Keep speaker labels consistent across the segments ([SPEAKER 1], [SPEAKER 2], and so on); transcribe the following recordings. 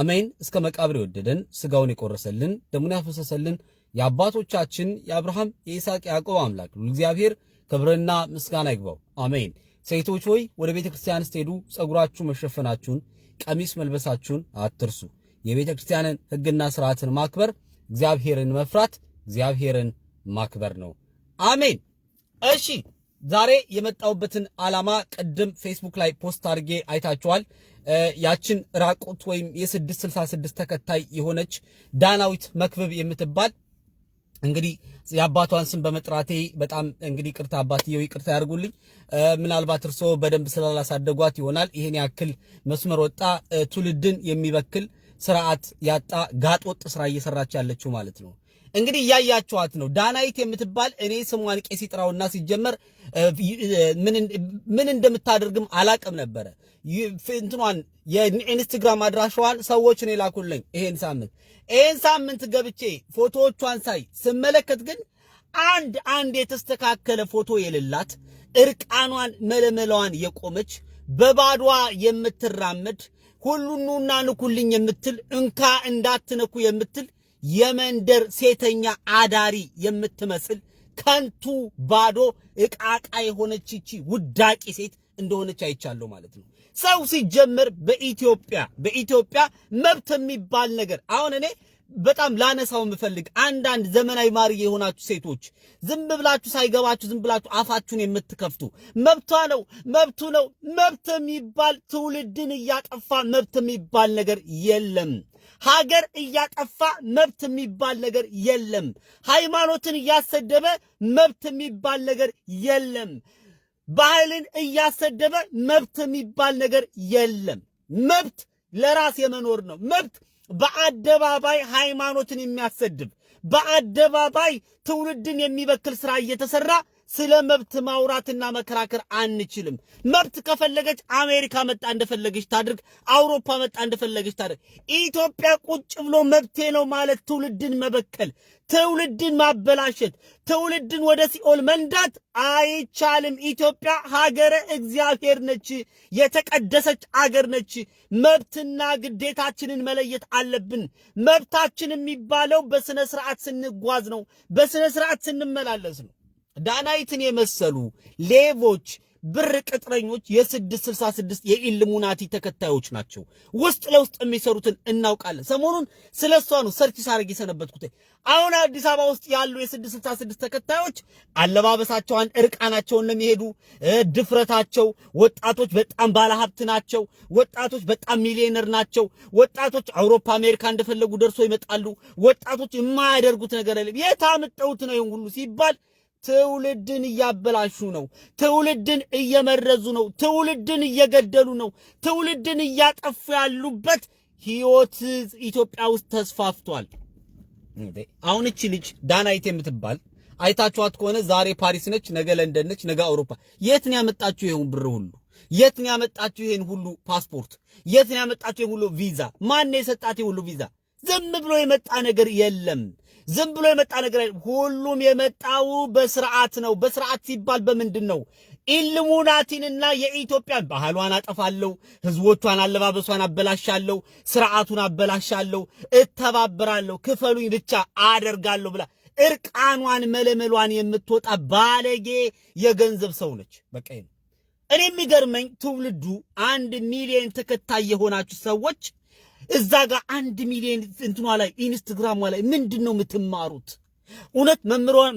[SPEAKER 1] አሜን። እስከ መቃብር የወደደን ስጋውን የቆረሰልን ደሙን ያፈሰሰልን የአባቶቻችን የአብርሃም የይስሐቅ ያዕቆብ አምላክ እግዚአብሔር ክብርና ምስጋና ይግባው። አሜን። ሴቶች ሆይ ወደ ቤተ ክርስቲያን ስትሄዱ ጸጉራችሁ መሸፈናችሁን፣ ቀሚስ መልበሳችሁን አትርሱ። የቤተ ክርስቲያንን ሕግና ስርዓትን ማክበር እግዚአብሔርን መፍራት እግዚአብሔርን ማክበር ነው። አሜን። እሺ ዛሬ የመጣሁበትን ዓላማ ቅድም ፌስቡክ ላይ ፖስት አድርጌ አይታችኋል። ያችን ራቁት ወይም የ666 ተከታይ የሆነች ዳናዊት መክብብ የምትባል እንግዲህ የአባቷን ስም በመጥራቴ በጣም እንግዲህ ቅርታ አባትየው ይቅርታ ያርጉልኝ። ምናልባት እርሶ በደንብ ስላላሳደጓት ይሆናል ይሄን ያክል መስመር ወጣ ትውልድን የሚበክል ስርዓት ያጣ ጋጥ ወጥ ስራ እየሰራች ያለችው ማለት ነው። እንግዲህ እያያችኋት ነው። ዳናይት የምትባል እኔ ስሟን ቄስ ይጥራውና ሲጀመር ምን እንደምታደርግም አላቅም ነበረ። እንትኗን የኢንስትግራም አድራሻዋን ሰዎች እኔ ላኩልኝ። ይሄን ሳምንት ይሄን ሳምንት ገብቼ ፎቶዎቿን ሳይ ስመለከት ግን አንድ አንድ የተስተካከለ ፎቶ የሌላት እርቃኗን መለመላዋን የቆመች በባዷ የምትራመድ ሁሉኑና ንኩልኝ የምትል እንካ እንዳትነኩ የምትል የመንደር ሴተኛ አዳሪ የምትመስል ከንቱ ባዶ እቃቃ የሆነች ይቺ ውዳቂ ሴት እንደሆነች አይቻለሁ ማለት ነው። ሰው ሲጀመር በኢትዮጵያ በኢትዮጵያ መብት የሚባል ነገር አሁን እኔ በጣም ላነሳው የምፈልግ አንዳንድ ዘመናዊ ማሪ የሆናችሁ ሴቶች ዝም ብላችሁ ሳይገባችሁ ዝም ብላችሁ አፋችሁን የምትከፍቱ መብቷ ነው መብቱ ነው መብት የሚባል ትውልድን እያጠፋ መብት የሚባል ነገር የለም። ሀገር እያጠፋ መብት የሚባል ነገር የለም። ሃይማኖትን እያሰደበ መብት የሚባል ነገር የለም። ባህልን እያሰደበ መብት የሚባል ነገር የለም። መብት ለራስ የመኖር ነው። መብት በአደባባይ ሃይማኖትን የሚያሰድብ በአደባባይ ትውልድን የሚበክል ስራ እየተሰራ ስለ መብት ማውራትና መከራከር አንችልም። መብት ከፈለገች አሜሪካ መጣ እንደፈለገች ታድርግ፣ አውሮፓ መጣ እንደፈለገች ታድርግ። ኢትዮጵያ ቁጭ ብሎ መብቴ ነው ማለት ትውልድን መበከል፣ ትውልድን ማበላሸት፣ ትውልድን ወደ ሲኦል መንዳት አይቻልም። ኢትዮጵያ ሀገረ እግዚአብሔር ነች፣ የተቀደሰች አገር ነች። መብትና ግዴታችንን መለየት አለብን። መብታችን የሚባለው በስነ ስርዓት ስንጓዝ ነው፣ በስነ ስርዓት ስንመላለስ ነው። ዳናይትን የመሰሉ ሌቦች ብር ቅጥረኞች የ666 የኢልሙናቲ ተከታዮች ናቸው። ውስጥ ለውስጥ የሚሰሩትን እናውቃለን። ሰሞኑን ስለ እሷ ነው ሰርች ሳረግ የሰነበትኩት። አሁን አዲስ አበባ ውስጥ ያሉ የ666 ተከታዮች አለባበሳቸውን፣ እርቃናቸውን ነው የሚሄዱ። ድፍረታቸው ወጣቶች በጣም ባለሀብት ናቸው። ወጣቶች በጣም ሚሊዮነር ናቸው። ወጣቶች አውሮፓ፣ አሜሪካ እንደፈለጉ ደርሶ ይመጣሉ። ወጣቶች የማያደርጉት ነገር የለም። የታምጠውት ነው ይሁን ሁሉ ሲባል ትውልድን እያበላሹ ነው። ትውልድን እየመረዙ ነው። ትውልድን እየገደሉ ነው። ትውልድን እያጠፉ ያሉበት ህይወት ኢትዮጵያ ውስጥ ተስፋፍቷል። አሁን እቺ ልጅ ዳናይት የምትባል አይታችኋት ከሆነ ዛሬ ፓሪስ ነች፣ ነገ ለንደን ነች፣ ነገ አውሮፓ። የት ነው ያመጣችሁ ይሄን ብር ሁሉ? የት ነው ያመጣችሁ ይሄን ሁሉ ፓስፖርት? የት ነው ያመጣችሁ ይሄን ሁሉ ቪዛ? ማን ነው የሰጣት ይሄን ሁሉ ቪዛ? ዝም ብሎ የመጣ ነገር የለም። ዝም ብሎ የመጣ ነገር ሁሉም የመጣው በስርዓት ነው። በስርዓት ሲባል በምንድን ነው? ኢልሙናቲንና የኢትዮጵያን ባህሏን አጠፋለሁ፣ ህዝቦቿን አለባበሷን አበላሻለሁ፣ ስርዓቱን አበላሻለሁ፣ እተባበራለሁ፣ ክፈሉኝ ብቻ አደርጋለሁ ብላ እርቃኗን መለመሏን የምትወጣ ባለጌ የገንዘብ ሰው ነች። በቃ እኔ የሚገርመኝ ትውልዱ አንድ ሚሊዮን ተከታይ የሆናችሁ ሰዎች እዛ ጋር አንድ ሚሊዮን እንትኗ ላይ ኢንስትግራሟ ላይ ምንድን ነው የምትማሩት? እውነት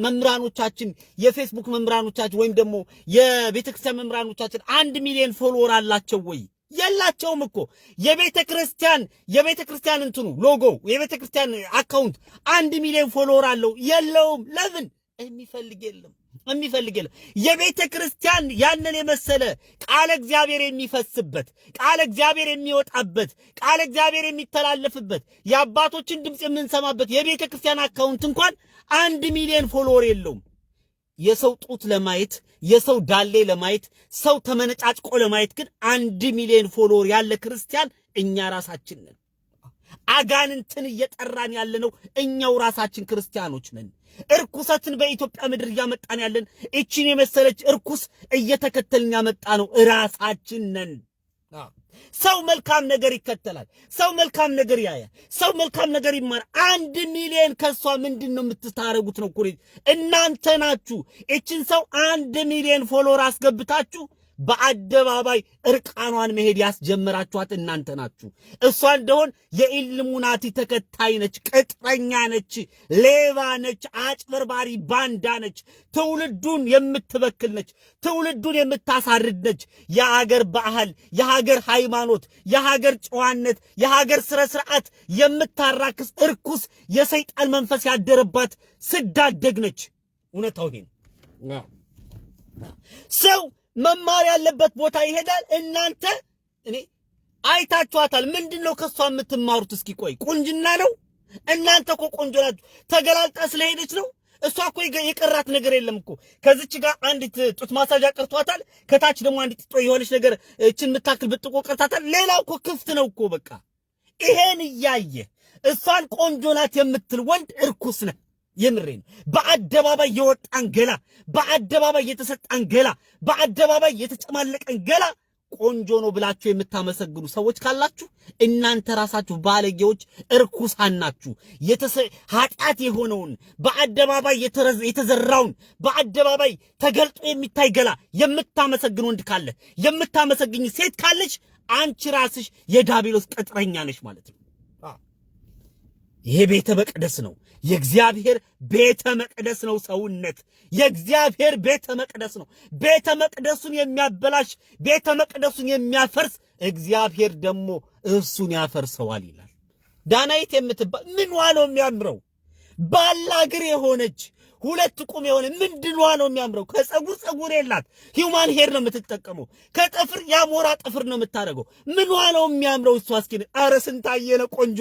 [SPEAKER 1] መምህራኖቻችን የፌስቡክ መምህራኖቻችን ወይም ደግሞ የቤተክርስቲያን መምህራኖቻችን አንድ ሚሊዮን ፎሎወር አላቸው ወይ? የላቸውም እኮ የቤተ ክርስቲያን የቤተ ክርስቲያን እንትኑ ሎጎ የቤተ ክርስቲያን አካውንት አንድ ሚሊዮን ፎሎወር አለው የለውም። ለምን የሚፈልግ የለም። የሚፈልግ የለም። የቤተ ክርስቲያን ያንን የመሰለ ቃለ እግዚአብሔር የሚፈስበት ቃለ እግዚአብሔር የሚወጣበት ቃለ እግዚአብሔር የሚተላለፍበት የአባቶችን ድምፅ የምንሰማበት የቤተ ክርስቲያን አካውንት እንኳን አንድ ሚሊዮን ፎሎወር የለውም። የሰው ጡት ለማየት የሰው ዳሌ ለማየት ሰው ተመነጫጭቆ ለማየት ግን አንድ ሚሊዮን ፎሎወር ያለ ክርስቲያን እኛ ራሳችን ነን። አጋንንትን እየጠራን ያለነው እኛው ራሳችን ክርስቲያኖች ነን። እርኩሰትን በኢትዮጵያ ምድር እያመጣን ያለን እቺን የመሰለች እርኩስ እየተከተልን ያመጣ ነው እራሳችን ነን። ሰው መልካም ነገር ይከተላል። ሰው መልካም ነገር ያያል። ሰው መልካም ነገር ይማራል። አንድ ሚሊዮን ከእሷ ምንድን ነው የምትታረጉት ነው እኮ እናንተ ናችሁ። እችን ሰው አንድ ሚሊዮን ፎሎወር አስገብታችሁ በአደባባይ እርቃኗን መሄድ ያስጀመራችኋት እናንተ ናችሁ። እሷ እንደሆን የኢልሙናቲ ተከታይ ነች፣ ቅጥረኛ ነች፣ ሌባ ነች፣ አጭበርባሪ ባንዳ ነች፣ ትውልዱን የምትበክል ነች፣ ትውልዱን የምታሳርድ ነች። የሀገር ባህል፣ የሀገር ሃይማኖት፣ የሀገር ጨዋነት፣ የሀገር ስነ ስርዓት የምታራክስ እርኩስ የሰይጣን መንፈስ ያደረባት ስዳደግ ነች። እውነታው ይሄ ሰው መማር ያለበት ቦታ ይሄዳል። እናንተ እኔ አይታችኋታል። ምንድን ነው ከእሷ የምትማሩት? እስኪ ቆይ ቁንጅና ነው? እናንተ እኮ ቆንጆ ናችሁ። ተገላልጣ ስለሄደች ነው። እሷ እኮ የቀራት ነገር የለም እኮ ከዚች ጋር አንድ ጡት ማሳጃ ቀርቷታል። ከታች ደግሞ አንድ ጥጦ የሆነች ነገር እችን የምታክል ብጥቆ ቀርታታል። ሌላ እኮ ክፍት ነው እኮ በቃ። ይሄን እያየ እሷን ቆንጆ ናት የምትል ወንድ እርኩስ ነህ። የምሬ ነው። በአደባባይ የወጣን ገላ፣ በአደባባይ የተሰጣን ገላ፣ በአደባባይ የተጨማለቀን ገላ ቆንጆ ነው ብላችሁ የምታመሰግኑ ሰዎች ካላችሁ እናንተ ራሳችሁ ባለጌዎች እርኩሳን ናችሁ። ኃጢአት የሆነውን በአደባባይ የተዘራውን በአደባባይ ተገልጦ የሚታይ ገላ የምታመሰግን ወንድ ካለ የምታመሰግኝ ሴት ካለች አንቺ ራስሽ የዳቢሎስ ቅጥረኛ ነች ማለት ነው። ይሄ ቤተ መቅደስ ነው። የእግዚአብሔር ቤተ መቅደስ ነው። ሰውነት የእግዚአብሔር ቤተ መቅደስ ነው። ቤተ መቅደሱን የሚያበላሽ ቤተ መቅደሱን የሚያፈርስ እግዚአብሔር ደግሞ እሱን ያፈርሰዋል ይላል። ዳናይት የምትባል ምንዋ ነው የሚያምረው ባላግር የሆነች ሁለት ቁም የሆነ ምንድኗ ነው የሚያምረው? ከፀጉር ፀጉር የላት ሂውማን ሄር ነው የምትጠቀመው። ከጥፍር የአሞራ ጥፍር ነው የምታደርገው። ምንዋ ነው የሚያምረው? እሷ እስኪን አረ ስንታየነ ቆንጆ፣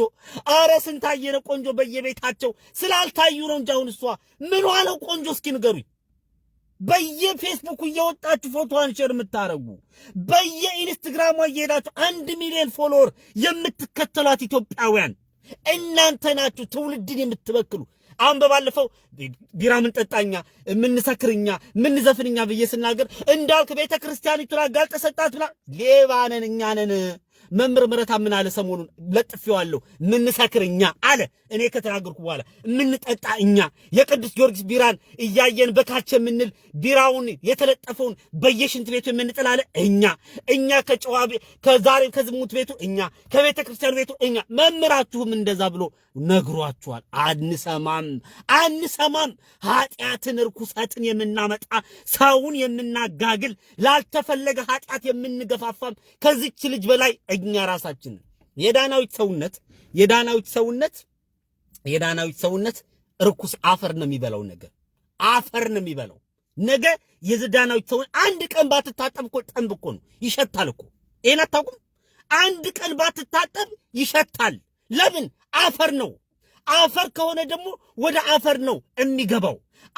[SPEAKER 1] አረ ስንታየነ ቆንጆ በየቤታቸው ስላልታዩ ነው እንጂ አሁን እሷ ምንዋ ነው ቆንጆ? እስኪ ንገሩኝ። በየፌስቡክ እየወጣችሁ ፎቶዋን ሼር የምታረጉ በየኢንስትግራሟ እየሄዳችሁ አንድ ሚሊዮን ፎሎወር የምትከተሏት ኢትዮጵያውያን እናንተ ናችሁ ትውልድን የምትበክሉ። አሁን በባለፈው ቢራ ምን ምንጠጣኛ ምንሰክርኛ ምንዘፍንኛ ብዬ ስናገር እንዳልክ ቤተ ክርስቲያኒቱን አጋልጠህ ሰጣት ብላ ሌባ ነን እኛ ነን። መምህር ምረታ ምን አለ? ሰሞኑን ለጥፌዋለሁ። ምንሰክር እኛ አለ እኔ ከተናገርኩ በኋላ የምንጠጣ እኛ የቅዱስ ጊዮርጊስ ቢራን እያየን በካቸ የምንል ቢራውን የተለጠፈውን በየሽንት ቤቱ የምንጥል አለ እኛ እኛ ከጨዋ ከዛሬ ከዝሙት ቤቱ እኛ ከቤተ ክርስቲያን ቤቱ እኛ መምህራችሁም እንደዛ ብሎ ነግሯችኋል። አንሰማም፣ አንሰማም። ኃጢአትን ርኩሰትን የምናመጣ ሰውን የምናጋግል ላልተፈለገ ኃጢአት የምንገፋፋም ከዚች ልጅ በላይ እኛ ራሳችን የዳናዊት ሰውነት የዳናዊት ሰውነት የዳናዊት ሰውነት ርኩስ አፈር ነው የሚበላው። ነገ አፈር ነው የሚበላው። ነገ የዘዳናዊት ሰውነት አንድ ቀን ባትታጠብ እኮ ጠንብ እኮ ነው ይሸታል እኮ ይሄን አታውቁም? አንድ ቀን ባትታጠብ ይሸታል። ለምን አፈር ነው አፈር ከሆነ ደግሞ ወደ አፈር ነው የሚገባው።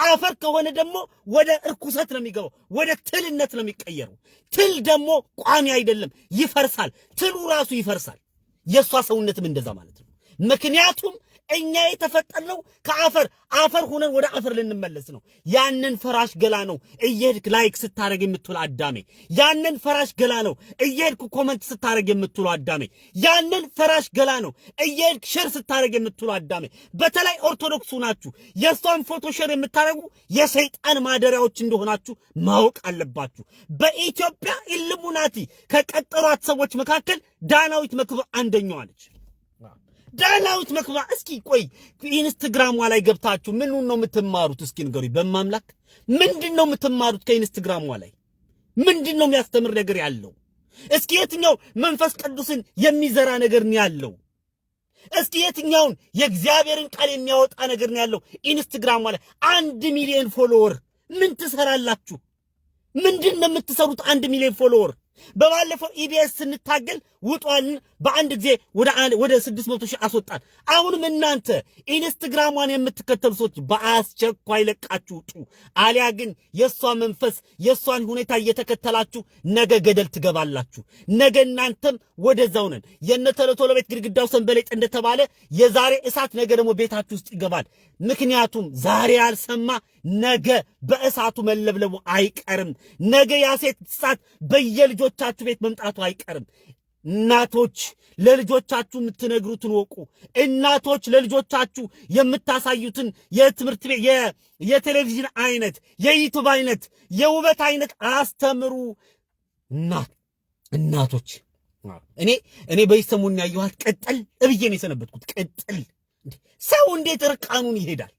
[SPEAKER 1] አፈር ከሆነ ደግሞ ወደ እርኩሰት ነው የሚገባው፣ ወደ ትልነት ነው የሚቀየረው። ትል ደግሞ ቋሚ አይደለም፣ ይፈርሳል። ትሉ ራሱ ይፈርሳል። የእሷ ሰውነትም እንደዛ ማለት ነው። ምክንያቱም እኛ የተፈጠርነው ከአፈር አፈር ሆነን ወደ አፈር ልንመለስ ነው። ያንን ፈራሽ ገላ ነው እየሄድክ ላይክ ስታደረግ የምትውል አዳሜ። ያንን ፈራሽ ገላ ነው እየሄድክ ኮመንት ስታደረግ የምትውሉ አዳሜ። ያንን ፈራሽ ገላ ነው እየሄድክ ሼር ስታደረግ የምትውሉ አዳሜ። በተለይ ኦርቶዶክሱ ናችሁ የእሷን ፎቶ ሼር የምታደረጉ የሰይጣን ማደሪያዎች እንደሆናችሁ ማወቅ አለባችሁ። በኢትዮጵያ ኢልሙናቲ ከቀጠሯት ሰዎች መካከል ዳናዊት መክብብ አንደኛዋ ነች። ዳላውት መክባ እስኪ ቆይ ኢንስትግራሟ ላይ ገብታችሁ ምን ነው የምትማሩት? እስኪ ንገሩኝ በማምላክ ምንድን ነው የምትማሩት? ከኢንስትግራሟ ላይ ምንድን ነው የሚያስተምር ነገር ያለው? እስኪ የትኛው መንፈስ ቅዱስን የሚዘራ ነገር ነው ያለው? እስኪ የትኛውን የእግዚአብሔርን ቃል የሚያወጣ ነገር ነው ያለው? ኢንስትግራሟ ላይ አንድ ሚሊዮን ፎሎወር ምን ትሰራላችሁ? ምንድን ነው የምትሰሩት? አንድ ሚሊዮን ፎሎወር በባለፈው ኢቢኤስ ስንታገል ውጧልን በአንድ ጊዜ ወደ ስድስት መቶ ሺህ አስወጣን። አሁንም እናንተ ኢንስትግራሟን የምትከተሉ ሰዎች በአስቸኳይ ለቃችሁ ውጡ፣ አሊያ ግን የእሷ መንፈስ የእሷን ሁኔታ እየተከተላችሁ ነገ ገደል ትገባላችሁ። ነገ እናንተም ወደዛው ነን። የነ ቶሎቶሎ ቤት ግድግዳው ሰንበሌጥ እንደተባለ የዛሬ እሳት ነገ ደግሞ ቤታችሁ ውስጥ ይገባል። ምክንያቱም ዛሬ ያልሰማ ነገ በእሳቱ መለብለቡ አይቀርም። ነገ ያሴት እሳት በየልጆ ልጆቻችሁ ቤት መምጣቱ አይቀርም። እናቶች ለልጆቻችሁ የምትነግሩትን ወቁ። እናቶች ለልጆቻችሁ የምታሳዩትን የትምህርት ቤት የቴሌቪዥን አይነት፣ የዩቱብ አይነት፣ የውበት አይነት አስተምሩ። እናቶች እኔ እኔ በይሰሙን ያየኋት ቅጥል እብዬ ነው የሰነበትኩት። ቅጥል ሰው እንዴት እርቃኑን ይሄዳል?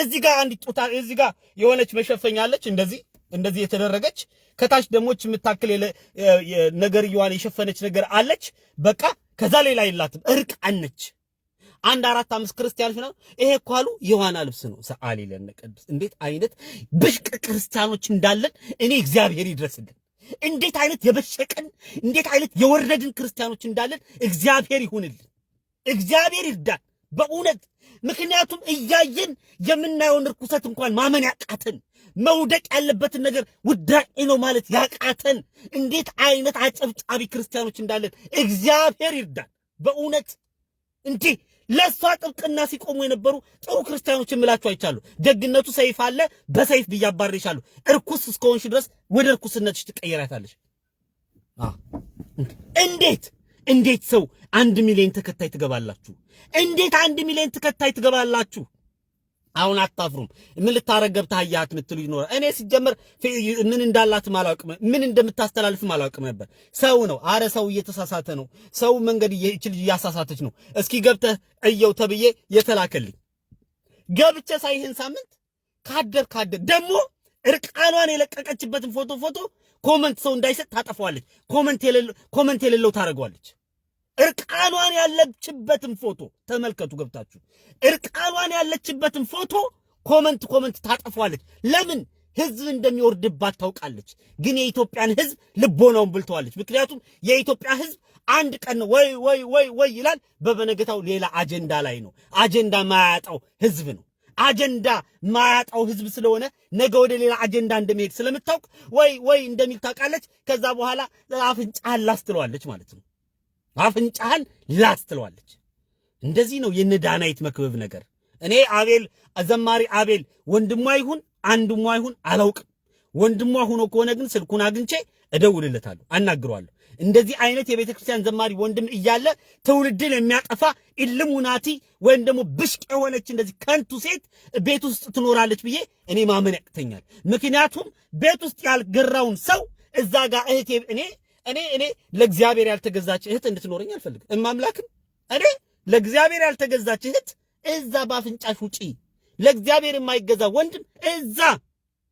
[SPEAKER 1] እዚህ ጋር አንዲት ጡታ እዚህ ጋር የሆነች መሸፈኛ አለች፣ እንደዚህ እንደዚህ የተደረገች ከታች ደሞች የምታክል ነገር እየዋን የሸፈነች ነገር አለች። በቃ ከዛ ሌላ የላትም። እርቅ አነች አንድ አራት አምስት ክርስቲያኖች ነው ይሄ እኮ አሉ። የዋና ልብስ ነው። ሰአሊ ለነ ቅዱስ እንዴት አይነት ብሽቅ ክርስቲያኖች እንዳለን እኔ እግዚአብሔር ይድረስልን። እንዴት አይነት የበሸቀን እንዴት አይነት የወረድን ክርስቲያኖች እንዳለን እግዚአብሔር ይሁንልን። እግዚአብሔር ይርዳን በእውነት ምክንያቱም እያየን የምናየውን ርኩሰት እንኳን ማመን ያቃተን መውደቅ ያለበትን ነገር ውዳቄ ነው ማለት ያቃተን እንዴት አይነት አጨብጫቢ ክርስቲያኖች እንዳለን እግዚአብሔር ይርዳል በእውነት እንዲህ ለእሷ ጥብቅና ሲቆሙ የነበሩ ጥሩ ክርስቲያኖች የምላችሁ አይቻሉ። ደግነቱ ሰይፍ አለ፣ በሰይፍ ብያባርሻሉ። እርኩስ እስከሆንሽ ድረስ ወደ እርኩስነትሽ ትቀየራታለሽ። እንዴት እንዴት ሰው አንድ ሚሊዮን ተከታይ ትገባላችሁ? እንዴት አንድ ሚሊዮን ተከታይ ትገባላችሁ? አሁን አታፍሩም? ምን ልታረግ ገብተህ አያት ምትሉ ይኖራል። እኔ ሲጀመር ምን እንዳላትም አላውቅም፣ ምን እንደምታስተላልፍም አላውቅም ነበር። ሰው ነው። አረ ሰው እየተሳሳተ ነው። ሰው መንገድ ይህች ልጅ እያሳሳተች ነው። እስኪ ገብተህ እየው ተብዬ የተላከልኝ ገብቼ ሳይህን ሳምንት ካደር ካደር ደግሞ እርቃኗን የለቀቀችበትን ፎቶ ፎቶ ኮመንት ሰው እንዳይሰጥ ታጠፈዋለች። ኮመንት የሌለው ታደርገዋለች። እርቃኗን ያለችበትን ፎቶ ተመልከቱ ገብታችሁ። እርቃኗን ያለችበትን ፎቶ ኮመንት ኮመንት ታጠፏለች። ለምን? ህዝብ እንደሚወርድባት ታውቃለች። ግን የኢትዮጵያን ህዝብ ልቦናውን ብልተዋለች። ምክንያቱም የኢትዮጵያ ህዝብ አንድ ቀን ነው ወይ ወይ ወይ ወይ ይላል። በበነገታው ሌላ አጀንዳ ላይ ነው። አጀንዳ ማያጣው ህዝብ ነው። አጀንዳ ማያጣው ህዝብ ስለሆነ ነገ ወደ ሌላ አጀንዳ እንደሚሄድ ስለምታውቅ ወይ ወይ እንደሚል ታውቃለች። ከዛ በኋላ አፍንጫ ላስ ትለዋለች ማለት ነው። አፍንጫህን ላስ ትለዋለች። እንደዚህ ነው የነ ዳናይት መክበብ ነገር። እኔ አቤል ዘማሪ አቤል ወንድሟ ይሁን አንድሟ ይሁን አላውቅም። ወንድሟ ሆኖ ከሆነ ግን ስልኩን አግኝቼ እደውልለታለሁ፣ አናግረዋለሁ። እንደዚህ አይነት የቤተ ክርስቲያን ዘማሪ ወንድም እያለ ትውልድን የሚያጠፋ ኢልሙናቲ ወይም ደግሞ ብሽቅ የሆነች እንደዚህ ከንቱ ሴት ቤት ውስጥ ትኖራለች ብዬ እኔ ማመን ያቅተኛል። ምክንያቱም ቤት ውስጥ ያልገራውን ሰው እዛ ጋር እህቴ እኔ እኔ እኔ ለእግዚአብሔር ያልተገዛች እህት እንድትኖረኝ አልፈልግም። እማምላክም እኔ ለእግዚአብሔር ያልተገዛች እህት እዛ በአፍንጫሽ ውጪ። ለእግዚአብሔር የማይገዛ ወንድም እዛ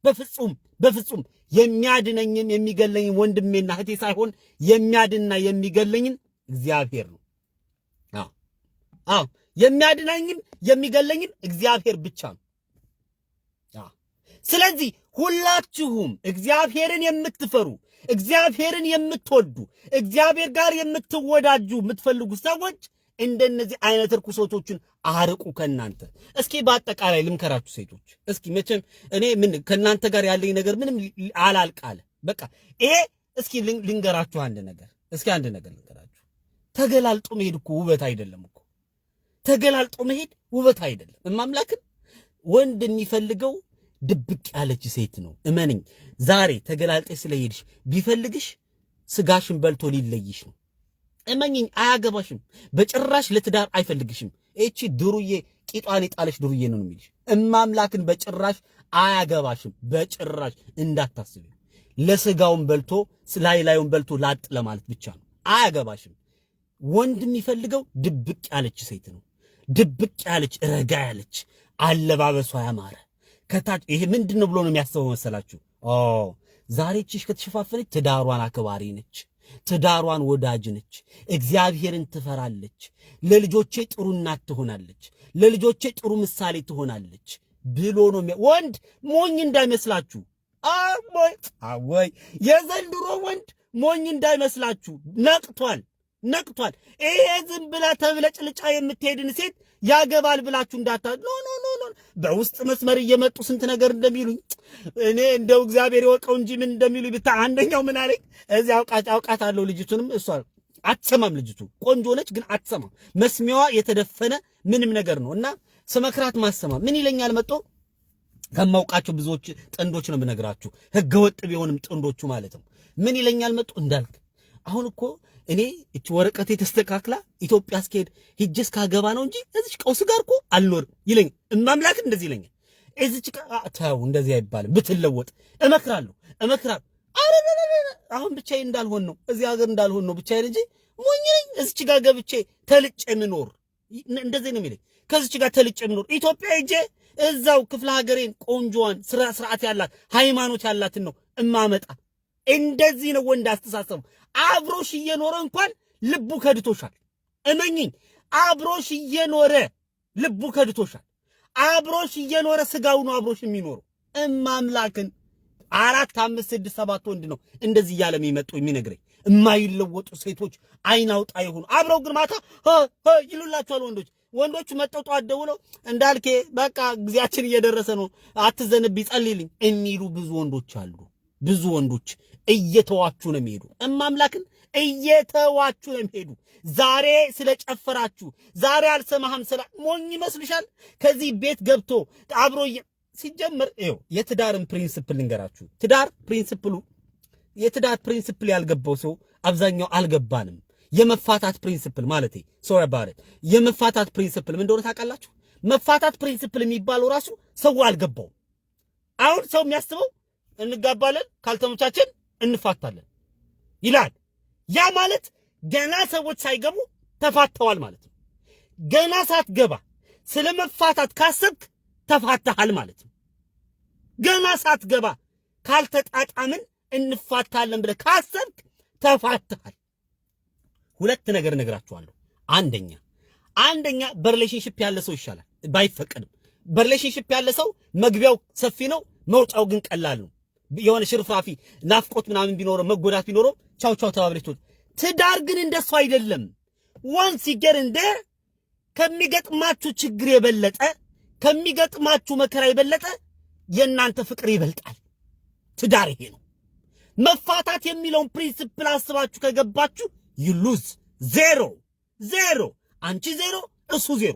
[SPEAKER 1] በፍጹም በፍጹም። የሚያድነኝም የሚገለኝም ወንድሜና እህቴ ሳይሆን የሚያድንና የሚገለኝን እግዚአብሔር ነው። አዎ የሚያድነኝም የሚገለኝም እግዚአብሔር ብቻ ነው። ስለዚህ ሁላችሁም እግዚአብሔርን የምትፈሩ እግዚአብሔርን የምትወዱ እግዚአብሔር ጋር የምትወዳጁ የምትፈልጉ ሰዎች እንደነዚህ አይነት ርኩሶቶችን አርቁ ከእናንተ። እስኪ በአጠቃላይ ልምከራችሁ ሴቶች። እስኪ መቼም እኔ ምን ከእናንተ ጋር ያለኝ ነገር ምንም አላልቃለ። በቃ ይሄ እስኪ ልንገራችሁ አንድ ነገር እስኪ አንድ ነገር ልንገራችሁ። ተገላልጦ መሄድ እኮ ውበት አይደለም እኮ ተገላልጦ መሄድ ውበት አይደለም። እማምላክን ወንድ የሚፈልገው ድብቅ ያለች ሴት ነው። እመንኝ፣ ዛሬ ተገላልጤ ስለሄድሽ ቢፈልግሽ ስጋሽን በልቶ ሊለይሽ ነው። እመኝኝ፣ አያገባሽም። በጭራሽ ለትዳር አይፈልግሽም። እቺ ድሩዬ ቂጧን የጣለች ድሩዬ ነው የሚልሽ። እማምላክን በጭራሽ አያገባሽም። በጭራሽ እንዳታስቢ። ለስጋውን በልቶ ላይ ላዩን በልቶ ላጥ ለማለት ብቻ ነው። አያገባሽም። ወንድ የሚፈልገው ድብቅ ያለች ሴት ነው። ድብቅ ያለች ረጋ ያለች አለባበሷ ያማረ ከታች ይሄ ምንድን ነው ብሎ ነው የሚያስበው መሰላችሁ? ዛሬ ችሽ ከተሸፋፈነች ትዳሯን አክባሪ ነች፣ ትዳሯን ወዳጅ ነች፣ እግዚአብሔርን ትፈራለች፣ ለልጆቼ ጥሩ እናት ትሆናለች፣ ለልጆቼ ጥሩ ምሳሌ ትሆናለች ብሎ ነው ወንድ። ሞኝ እንዳይመስላችሁ ወይ የዘንድሮ ወንድ ሞኝ እንዳይመስላችሁ፣ ነቅቷል፣ ነቅቷል። ይሄ ዝም ብላ ተብለጭልጫ የምትሄድን ሴት ያገባል ብላችሁ እንዳታ ኖ ኖ ኖ ኖ በውስጥ መስመር እየመጡ ስንት ነገር እንደሚሉኝ እኔ እንደው እግዚአብሔር ይወቀው እንጂ ምን እንደሚሉኝ ብታ አንደኛው ምን አለኝ እዚህ አውቃት አውቃት አለው ልጅቱንም እሷ አትሰማም። ልጅቱ ቆንጆ ነች፣ ግን አትሰማም። መስሚያዋ የተደፈነ ምንም ነገር ነው እና ስመክራት ማሰማ ምን ይለኛል መጦ ከማውቃቸው ብዙዎች ጥንዶች ነው የምነግራችሁ፣ ህገወጥ ቢሆንም ጥንዶቹ ማለት ነው። ምን ይለኛል መጦ እንዳልክ አሁን እኮ እኔ እች ወረቀት የተስተካክላ ኢትዮጵያ እስከሄድ ሂጅስ ካገባ ነው እንጂ እዚች ቀውስ ጋር እኮ አልኖርም ይለኝ እማምላክ እንደዚህ ይለኛል። እዚች ተው እንደዚህ አይባልም ብትለወጥ እመክራለሁ እመክራለሁ። አሁን ብቻዬን እንዳልሆን ነው እዚህ ሀገር እንዳልሆን ነው ብቻዬን እንጂ ሞኝ ነኝ። እዚች ጋር ገብቼ ተልጬ ምኖር እንደዚህ ነው የሚለኝ። ከዚች ጋር ተልጬ ምኖር ኢትዮጵያ ሂጄ እዛው ክፍለ ሀገሬን ቆንጆዋን ስርዓት ያላት ሃይማኖት ያላትን ነው እማመጣ እንደዚህ ነው ወንድ አስተሳሰቡ። አብሮሽ እየኖረ እንኳን ልቡ ከድቶሻል። እመኝኝ፣ አብሮሽ እየኖረ ልቡ ከድቶሻል። አብሮሽ እየኖረ ስጋው ነው አብሮሽ የሚኖረው። እማምላክን አራት አምስት ስድስት ሰባት ወንድ ነው እንደዚህ እያለ የሚመጡ የሚነግረኝ የማይለወጡ ሴቶች አይን አውጣ የሆኑ አብረው ግን ማታ ይሉላቸዋል ወንዶች ወንዶቹ መጠጡ አደውለው እንዳልኬ በቃ ጊዜያችን እየደረሰ ነው አትዘንብ ይጸልልኝ የሚሉ ብዙ ወንዶች አሉ። ብዙ ወንዶች እየተዋችሁ ነው የሚሄዱ እማምላክን እየተዋችሁ ነው የሚሄዱ። ዛሬ ስለጨፈራችሁ ዛሬ አልሰማህም ስላ ሞኝ ይመስልሻል? ከዚህ ቤት ገብቶ አብሮ ሲጀምር ይኸው የትዳርን ፕሪንስፕል ልንገራችሁ። ትዳር ፕሪንስፕሉ የትዳር ፕሪንስፕል ያልገባው ሰው አብዛኛው አልገባንም። የመፋታት ፕሪንስፕል ማለት ሶሪ አባረ የመፋታት ፕሪንስፕል ምን እንደሆነ ታውቃላችሁ? መፋታት ፕሪንስፕል የሚባለው ራሱ ሰው አልገባው። አሁን ሰው የሚያስበው እንጋባለን፣ ካልተመቻችን እንፋታለን ይላል። ያ ማለት ገና ሰዎች ሳይገቡ ተፋተዋል ማለት ነው። ገና ሳትገባ ስለ መፋታት ካሰብክ ተፋተሃል ማለት ነው። ገና ሳትገባ ካልተጣጣምን እንፋታለን ብለህ ካሰብክ ተፋተሃል። ሁለት ነገር እነግራችኋለሁ። አንደኛ አንደኛ በሪሌሽንሽፕ ያለ ሰው ይሻላል፣ ባይፈቀድም በሪሌሽንሽፕ ያለ ሰው መግቢያው ሰፊ ነው፣ መውጫው ግን ቀላል ነው። የሆነ ሽርፍራፊ ናፍቆት ምናምን ቢኖረው መጎዳት ቢኖረው ቻው ቻው ተባብለች። ትዳር ግን እንደሱ አይደለም። ዋንስ ዩ እንደ ከሚገጥማችሁ ችግር የበለጠ ከሚገጥማችሁ መከራ የበለጠ የእናንተ ፍቅር ይበልጣል። ትዳር ይሄ ነው። መፋታት የሚለውን ፕሪንሲፕል አስባችሁ ከገባችሁ ይሉዝ ዜሮ ዜሮ፣ አንቺ ዜሮ፣ እሱ ዜሮ።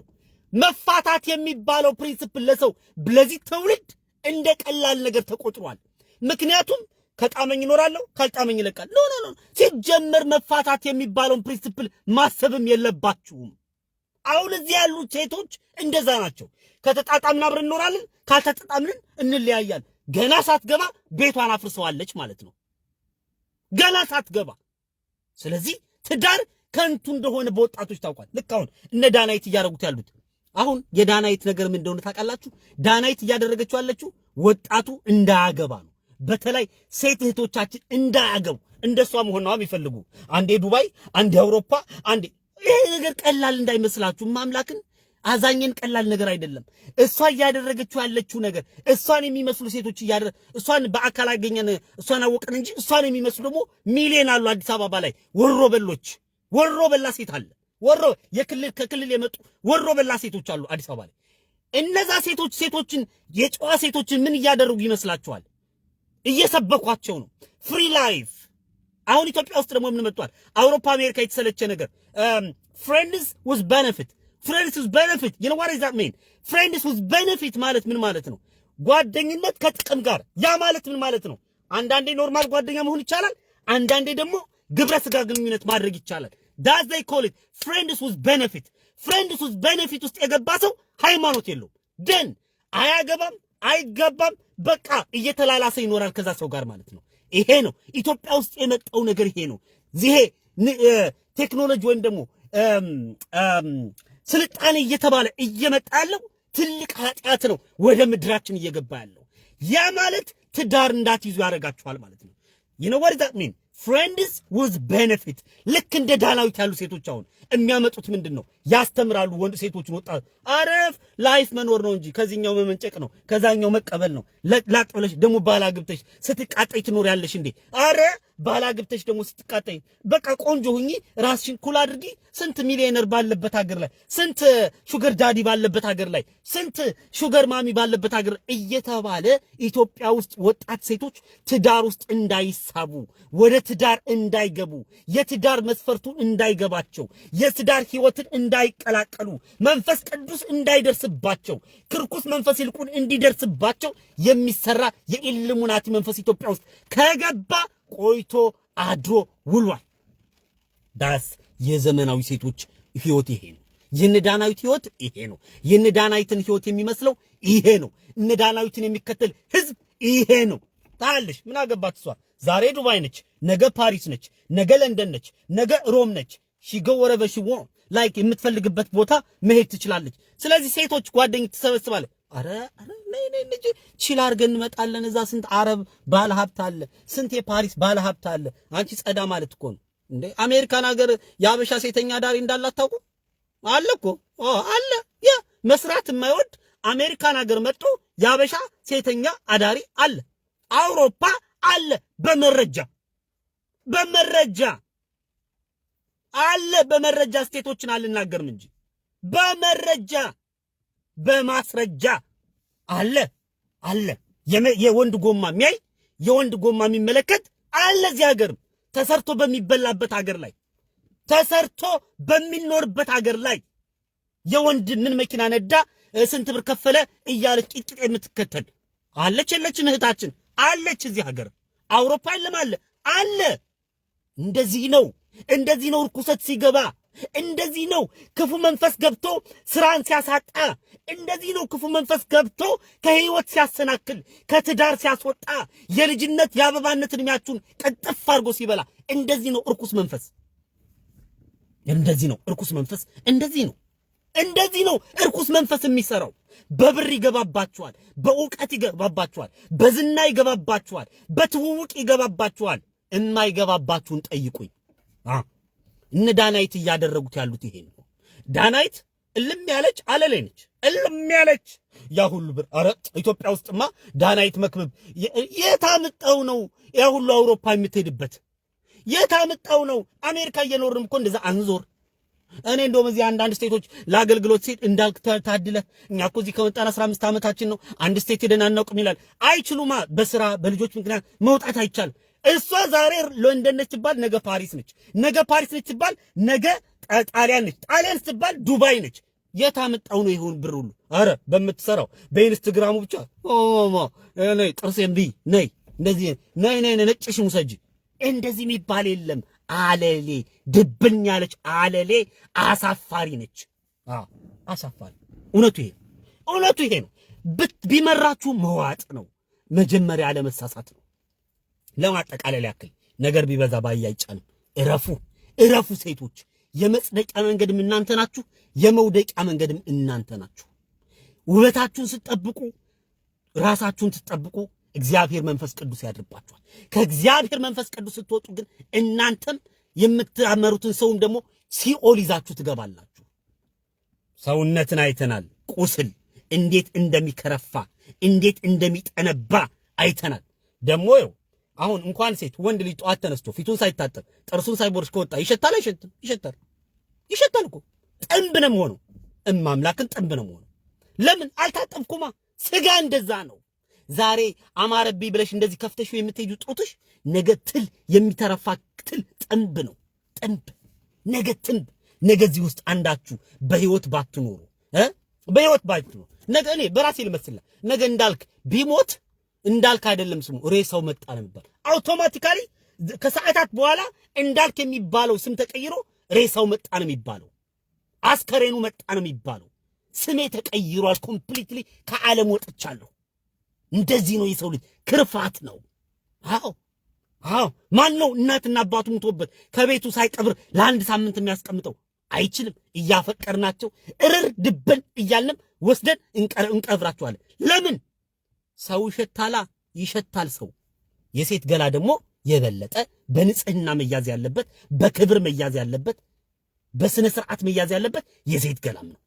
[SPEAKER 1] መፋታት የሚባለው ፕሪንሲፕል ለሰው ለዚህ ትውልድ እንደ ቀላል ነገር ተቆጥሯል። ምክንያቱም ከቃመኝ ይኖራለሁ ካልቃመኝ ይለቃል። ኖ ኖ ኖ። ሲጀመር መፋታት የሚባለውን ፕሪንሲፕል ማሰብም የለባችሁም። አሁን እዚህ ያሉት ሴቶች እንደዛ ናቸው። ከተጣጣምን አብረን እንኖራለን፣ ካልተጣጣምንን እንለያያል። ገና ሳትገባ ቤቷን አፍርሰዋለች ማለት ነው። ገና ሳትገባ። ስለዚህ ትዳር ከንቱ እንደሆነ በወጣቶች ታውቋል። ልክ አሁን እነ ዳናይት እያደረጉት ያሉት አሁን የዳናይት ነገር እንደሆነ ታውቃላችሁ? ዳናይት እያደረገችው ያለችው ወጣቱ እንዳያገባ ነው። በተለይ ሴት እህቶቻችን እንዳያገቡ እንደሷ መሆን ነው የሚፈልጉ። አንዴ ዱባይ፣ አንዴ አውሮፓ፣ አንዴ ይሄ ነገር ቀላል እንዳይመስላችሁ። ማምላክን አዛኝን ቀላል ነገር አይደለም። እሷ እያደረገችው ያለችው ነገር እሷን የሚመስሉ ሴቶች እያደረ እሷን በአካል አገኘን እሷን አወቀን እንጂ እሷን የሚመስሉ ደግሞ ሚሊዮን አሉ። አዲስ አበባ ላይ ወሮ በሎች፣ ወሮ በላ ሴት አለ። ወሮ የክልል ከክልል የመጡ ወሮ በላ ሴቶች አሉ አዲስ አበባ ላይ። እነዛ ሴቶች ሴቶችን የጨዋ ሴቶችን ምን እያደረጉ ይመስላችኋል? እየሰበኳቸው ነው። ፍሪ ላይፍ አሁን ኢትዮጵያ ውስጥ ደግሞ ምን መጥቷል? አውሮፓ አሜሪካ የተሰለቸ ነገር ፍሬንድስ ውዝ በነፊት ፍሬንድስ ውዝ በነፊት ዩ ኖ ዋት ኢዝ ዛት ሚን ፍሬንድስ ውዝ በነፊት ማለት ምን ማለት ነው? ጓደኝነት ከጥቅም ጋር ያ ማለት ምን ማለት ነው? አንዳንዴ ኖርማል ጓደኛ መሆን ይቻላል። አንዳንዴ ደግሞ ግብረ ስጋ ግንኙነት ማድረግ ይቻላል። ዳዝ ዘይ ኮል ኢት ፍሬንድስ ውዝ በነፊት። ፍሬንድስ ውዝ በነፊት ውስጥ የገባ ሰው ሃይማኖት የለውም። ደን አያገባም፣ አይገባም በቃ እየተላላሰ ይኖራል ከዛ ሰው ጋር ማለት ነው። ይሄ ነው ኢትዮጵያ ውስጥ የመጣው ነገር ይሄ ነው። ይሄ ቴክኖሎጂ ወይም ደግሞ ስልጣኔ እየተባለ እየመጣ ያለው ትልቅ ኃጢአት ነው ወደ ምድራችን እየገባ ያለው። ያ ማለት ትዳር እንዳትይዙ ያደርጋችኋል ማለት ነው። ዩኖ ዋት ዳት ሚን ፍሬንድስ ዊዝ ቤኔፊት ልክ እንደ ዳናዊት ያሉ ሴቶች አሁን የሚያመጡት ምንድን ነው? ያስተምራሉ። ወንድ ሴቶችን፣ ወጣት አረፍ ላይፍ መኖር ነው እንጂ ከዚህኛው መመንጨቅ ነው፣ ከዛኛው መቀበል ነው። ላጥ ብለሽ ደግሞ ባላ ግብተሽ ስትቃጠይ ትኖር ያለሽ እንዴ? አረ ባላ ግብተሽ ደግሞ ስትቃጠይ በቃ ቆንጆ ሁኚ፣ ራስሽን ኩል አድርጊ። ስንት ሚሊዮነር ባለበት ሀገር ላይ፣ ስንት ሹገር ዳዲ ባለበት ሀገር ላይ፣ ስንት ሹገር ማሚ ባለበት ሀገር እየተባለ ኢትዮጵያ ውስጥ ወጣት ሴቶች ትዳር ውስጥ እንዳይሳቡ፣ ወደ ትዳር እንዳይገቡ፣ የትዳር መስፈርቱ እንዳይገባቸው የትዳር ህይወትን እንዳይቀላቀሉ መንፈስ ቅዱስ እንዳይደርስባቸው ክርኩስ መንፈስ ይልቁን እንዲደርስባቸው የሚሰራ የኢልሙናቲ መንፈስ ኢትዮጵያ ውስጥ ከገባ ቆይቶ አድሮ ውሏል። ዳስ የዘመናዊ ሴቶች ህይወት ይሄ ነው። ዳናዊት ህይወት ይሄ ነው። ዳናዊትን ህይወት የሚመስለው ይሄ ነው። ዳናዊትን የሚከተል ህዝብ ይሄ ነው። ታያለሽ። ምን አገባት እሷ? ዛሬ ዱባይ ነች፣ ነገ ፓሪስ ነች፣ ነገ ለንደን ነች፣ ነገ ሮም ነች፣ ሺጎ ወረቨ ሺ ዎን ላይክ የምትፈልግበት ቦታ መሄድ ትችላለች። ስለዚህ ሴቶች ጓደኝ ትሰበስባለች። አረ አረ ነይ ነይ ልጅ ቺል አድርገን እንመጣለን። እዛ ስንት አረብ ባለ ሀብት አለ፣ ስንት የፓሪስ ባለ ሀብት አለ። አንቺ ጸዳ ማለት እኮ ነው እንዴ! አሜሪካን ሀገር የአበሻ ሴተኛ ዳሪ እንዳላታውቁ አለ እኮ አለ። ያ መስራት የማይወድ አሜሪካን ሀገር መጥቶ የአበሻ ሴተኛ አዳሪ አለ። አውሮፓ አለ። በመረጃ በመረጃ አለ። በመረጃ ስቴቶችን አልናገርም እንጂ በመረጃ በማስረጃ አለ አለ። የወንድ ጎማ የሚያይ የወንድ ጎማ የሚመለከት አለ። እዚህ ሀገርም ተሰርቶ በሚበላበት ሀገር ላይ ተሰርቶ በሚኖርበት ሀገር ላይ የወንድ ምን መኪና ነዳ፣ ስንት ብር ከፈለ እያለች ቂጥቂጥ የምትከተል አለች። የለችን እህታችን አለች። እዚህ ሀገር አውሮፓ የለም አለ አለ። እንደዚህ ነው። እንደዚህ ነው ርኩሰት ሲገባ፣ እንደዚህ ነው ክፉ መንፈስ ገብቶ ስራን ሲያሳጣ፣ እንደዚህ ነው ክፉ መንፈስ ገብቶ ከህይወት ሲያሰናክል፣ ከትዳር ሲያስወጣ፣ የልጅነት የአበባነት እድሜያችሁን ቀጥፍ አድርጎ ሲበላ፣ እንደዚህ ነው እርኩስ መንፈስ። እንደዚህ ነው እርኩስ መንፈስ። እንደዚህ ነው እንደዚህ ነው እርኩስ መንፈስ የሚሰራው። በብር ይገባባችኋል፣ በእውቀት ይገባባችኋል፣ በዝና ይገባባችኋል፣ በትውውቅ ይገባባችኋል። የማይገባባችሁን ጠይቁኝ። እነ ዳናይት እያደረጉት ያሉት ይሄ ነው። ዳናይት እልም ያለች አለሌ ነች። እልም ያለች ያ ሁሉ ብር አረ ኢትዮጵያ ውስጥማ ዳናይት መክብብ የታምጣው ነው። ያ ሁሉ አውሮፓ የምትሄድበት የታምጣው ነው። አሜሪካ እየኖርንም እኮ እንደዛ አንዞር። እኔ እንደውም እዚህ አንዳንድ ስቴቶች ለአገልግሎት ሲሄድ ታድለ እኛ እኮ እዚህ ከመጣን 15 ዓመታችን ነው። አንድ ስቴት ሄደን አናውቅም ይላል። አይችሉማ። በስራ በልጆች ምክንያት መውጣት አይቻልም። እሷ ዛሬ ሎንደን ነች ትባል፣ ነገ ፓሪስ ነች፣ ነገ ፓሪስ ነች ትባል፣ ነገ ጣሊያን ነች፣ ጣሊያን ስትባል ዱባይ ነች። የታመጣው ነው ይሁን ብር ሁሉ። አረ በምትሰራው በኢንስትግራሙ ብቻ ኦሞ ነይ ጥርሴ እምቢ ነይ እንደዚህ ነይ ነይ ነጭ ሽሙ እንደዚህ የሚባል የለም። አለሌ ድብን ያለች አለሌ አሳፋሪ ነች። አዎ አሳፋሪ። እውነቱ ይሄ እውነቱ ይሄ ነው። ቢመራችሁ መዋጥ ነው መጀመሪያ፣ አለመሳሳት ነው። ለማጠቃለል ያክል ነገር ቢበዛ ባያ አይጫንም። እረፉ እረፉ ሴቶች፣ የመጽደቂያ መንገድም እናንተ ናችሁ፣ የመውደቂያ መንገድም እናንተ ናችሁ። ውበታችሁን ስትጠብቁ፣ ራሳችሁን ስትጠብቁ እግዚአብሔር መንፈስ ቅዱስ ያድርባችኋል። ከእግዚአብሔር መንፈስ ቅዱስ ስትወጡ ግን እናንተም የምታመሩትን ሰውም ደግሞ ሲኦል ይዛችሁ ትገባላችሁ። ሰውነትን አይተናል። ቁስል እንዴት እንደሚከረፋ እንዴት እንደሚጠነባ አይተናል። ደግሞ ይኸው አሁን እንኳን ሴት ወንድ ልጅ ጠዋት ተነስቶ ፊቱን ሳይታጠብ ጥርሱን ሳይቦርስ ከወጣ ይሸታል አይሸትም? ይሸታል። ይሸታል እኮ ጥንብ ነው የምሆነው። እማምላክን ጥንብ ነው የምሆነው። ለምን አልታጠብኩማ። ስጋ እንደዛ ነው። ዛሬ አማረብኝ ብለሽ እንደዚህ ከፍተሽ የምትሄጂው ጡትሽ ነገ ትል የሚተረፋ ትል ጥንብ ነው። ጥንብ ነገ ትንብ ነገ እዚህ ውስጥ አንዳችሁ በህይወት ባትኖሩ እ በህይወት ባትኖሩ ነገ እኔ በራሴ ልመስላ ነገ እንዳልክ ቢሞት እንዳልክ አይደለም ስሙ ሬሳው መጣ ነው የሚባል። አውቶማቲካሊ ከሰዓታት በኋላ እንዳልክ የሚባለው ስም ተቀይሮ ሬሳው መጣ ነው የሚባለው። አስከሬኑ መጣ ነው የሚባለው። ስሜ ተቀይሯል። ኮምፕሊትሊ ከዓለም ወጥቻለሁ። እንደዚህ ነው የሰው ልጅ ክርፋት ነው። አዎ አዎ። ማን ነው እናትና አባቱ ሙቶበት ከቤቱ ሳይቀብር ለአንድ ሳምንት የሚያስቀምጠው? አይችልም። እያፈቀርናቸው እርር ድብን እያልንም ወስደን እንቀብራቸዋለን። ለምን ሰው ይሸታላ ይሸታል ሰው። የሴት ገላ ደግሞ የበለጠ በንጽህና መያዝ ያለበት በክብር መያዝ ያለበት በስነ ስርዓት መያዝ ያለበት የሴት ገላም ነው።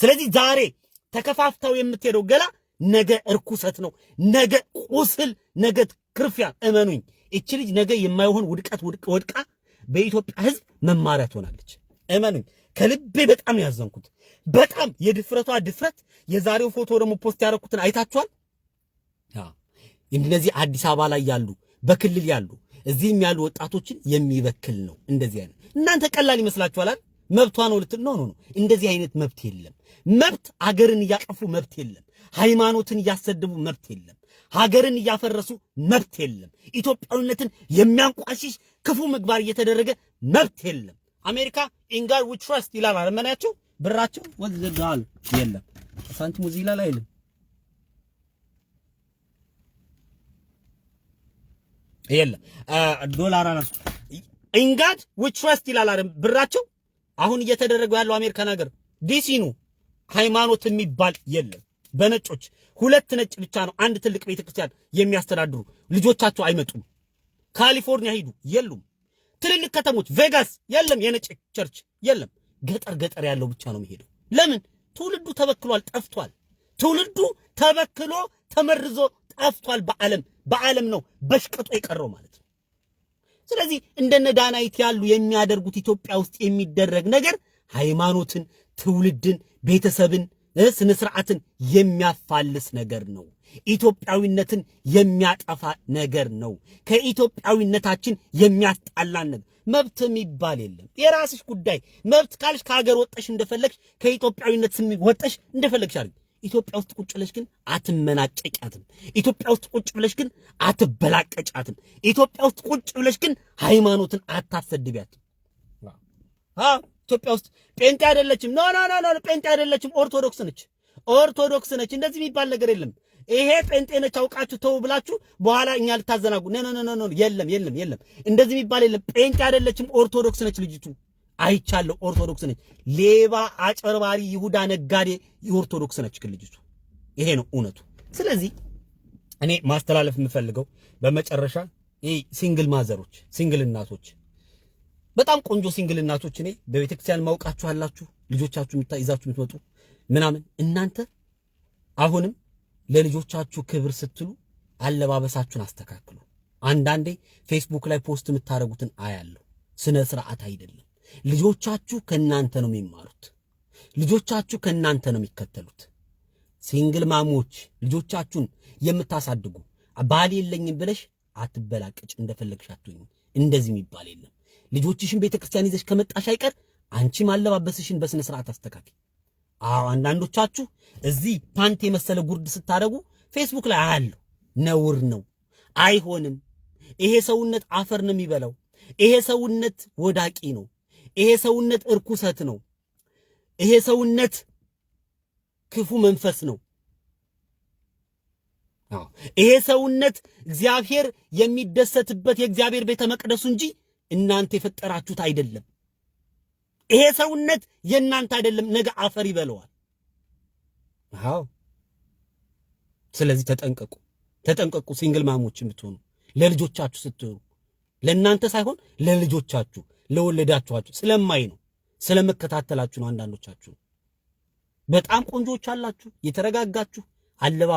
[SPEAKER 1] ስለዚህ ዛሬ ተከፋፍተው የምትሄደው ገላ ነገ እርኩሰት ነው፣ ነገ ቁስል፣ ነገ ክርፊያ። እመኑኝ እቺ ልጅ ነገ የማይሆን ውድቀት ወድቃ በኢትዮጵያ ሕዝብ መማሪያ ትሆናለች። እመኑኝ ከልቤ በጣም ያዘንኩት በጣም የድፍረቷ ድፍረት። የዛሬው ፎቶ ደግሞ ፖስት ያደረኩትን አይታችኋል። እነዚህ አዲስ አበባ ላይ ያሉ በክልል ያሉ እዚህም ያሉ ወጣቶችን የሚበክል ነው። እንደዚህ አይነት እናንተ ቀላል ይመስላችኋል መብቷ ነው ልትል ነው ነው። እንደዚህ አይነት መብት የለም። መብት አገርን እያቀፉ መብት የለም። ሃይማኖትን እያሰደቡ መብት የለም። ሀገርን እያፈረሱ መብት የለም። ኢትዮጵያዊነትን የሚያንቋሽሽ ክፉ ምግባር እየተደረገ መብት የለም። አሜሪካ ኢን ጋድ ዊ ትረስት ይላል አለመናያቸው ብራቸው ወዝደሃል የለም ሳንቲም እዚህ ላይ አይልም። የለም ዶላር አናሱ ኢንጋድ ዊች ትረስት ይላል አይደል ብራቸው። አሁን እየተደረገው ያለው አሜሪካ ሀገር ዲሲኑ ሃይማኖት የሚባል የለም። በነጮች ሁለት ነጭ ብቻ ነው አንድ ትልቅ ቤተክርስቲያን የሚያስተዳድሩ። ልጆቻቸው አይመጡም። ካሊፎርኒያ ሂዱ የሉም። ትልልቅ ከተሞች ቬጋስ የለም። የነጭ ቸርች የለም። ገጠር ገጠር ያለው ብቻ ነው የሚሄደው። ለምን? ትውልዱ ተበክሏል፣ ጠፍቷል። ትውልዱ ተበክሎ ተመርዞ ጠፍቷል። በዓለም በዓለም ነው በሽቀጦ የቀረው ማለት ነው። ስለዚህ እንደነ ዳናይት ያሉ የሚያደርጉት ኢትዮጵያ ውስጥ የሚደረግ ነገር ሃይማኖትን፣ ትውልድን፣ ቤተሰብን ስነ ስርዓትን የሚያፋልስ ነገር ነው። ኢትዮጵያዊነትን የሚያጠፋ ነገር ነው። ከኢትዮጵያዊነታችን የሚያጣላን ነገር መብት የሚባል የለም። የራስሽ ጉዳይ መብት ካልሽ ከሀገር ወጠሽ እንደፈለግሽ ከኢትዮጵያዊነት ስም ወጠሽ እንደፈለግሽ አድርጊ። ኢትዮጵያ ውስጥ ቁጭ ብለሽ ግን አትመናጨቂያትም። ኢትዮጵያ ውስጥ ቁጭ ብለሽ ግን አትበላቀጫትም። ኢትዮጵያ ውስጥ ቁጭ ብለሽ ግን ሃይማኖትን አታሰድቢያትም። ኢትዮጵያ ውስጥ ጴንጤ አይደለችም። ኖ ኖ ኖ ኖ ጴንጤ አይደለችም፣ ኦርቶዶክስ ነች፣ ኦርቶዶክስ ነች። እንደዚህ የሚባል ነገር የለም። ይሄ ጴንጤ ነች አውቃችሁ ተው ብላችሁ በኋላ እኛ ልታዘናጉ። ኖ ኖ ኖ፣ የለም የለም የለም፣ እንደዚህ የሚባል የለም። ጴንጤ አይደለችም፣ ኦርቶዶክስ ነች ልጅቱ። አይቻለሁ፣ ኦርቶዶክስ ነች። ሌባ፣ አጭበርባሪ፣ ይሁዳ ነጋዴ ኦርቶዶክስ ነች ልጅቱ። ይሄ ነው እውነቱ። ስለዚህ እኔ ማስተላለፍ የምፈልገው በመጨረሻ ይህ ሲንግል ማዘሮች ሲንግል እናቶች በጣም ቆንጆ ሲንግል እናቶች እኔ በቤተክርስቲያን ማውቃችሁ አላችሁ ልጆቻችሁ ይዛችሁ የምትመጡ ምናምን እናንተ አሁንም ለልጆቻችሁ ክብር ስትሉ አለባበሳችሁን አስተካክሉ። አንዳንዴ ፌስቡክ ላይ ፖስት የምታደርጉትን አያለሁ። ስነ ስርዓት አይደለም። ልጆቻችሁ ከእናንተ ነው የሚማሩት። ልጆቻችሁ ከእናንተ ነው የሚከተሉት። ሲንግል ማሞች ልጆቻችሁን የምታሳድጉ ባል የለኝም ብለሽ አትበላቀጭ እንደፈለግሽ አትሁኝ። እንደዚህ የሚባል የለም። ልጆችሽን ቤተክርስቲያን ይዘሽ ከመጣሽ አይቀር አንቺም አለባበስሽን በስነ ስርዓት አስተካኪ። አዎ አንዳንዶቻችሁ እዚህ ፓንት የመሰለ ጉርድ ስታደርጉ ፌስቡክ ላይ አያለሁ። ነውር ነው፣ አይሆንም። ይሄ ሰውነት አፈር ነው የሚበላው። ይሄ ሰውነት ወዳቂ ነው። ይሄ ሰውነት እርኩሰት ነው። ይሄ ሰውነት ክፉ መንፈስ ነው። ይሄ ሰውነት እግዚአብሔር የሚደሰትበት የእግዚአብሔር ቤተ መቅደሱ እንጂ እናንተ የፈጠራችሁት አይደለም። ይሄ ሰውነት የእናንተ አይደለም፣ ነገ አፈር ይበለዋል። አዎ፣ ስለዚህ ተጠንቀቁ፣ ተጠንቀቁ። ሲንግል ማሞች የምትሆኑ ለልጆቻችሁ ስትሆኑ፣ ለእናንተ ሳይሆን ለልጆቻችሁ ለወለዳችኋችሁ፣ ስለማይ ነው ስለመከታተላችሁ ነው። አንዳንዶቻችሁ በጣም ቆንጆዎች አላችሁ፣ የተረጋጋችሁ አለባ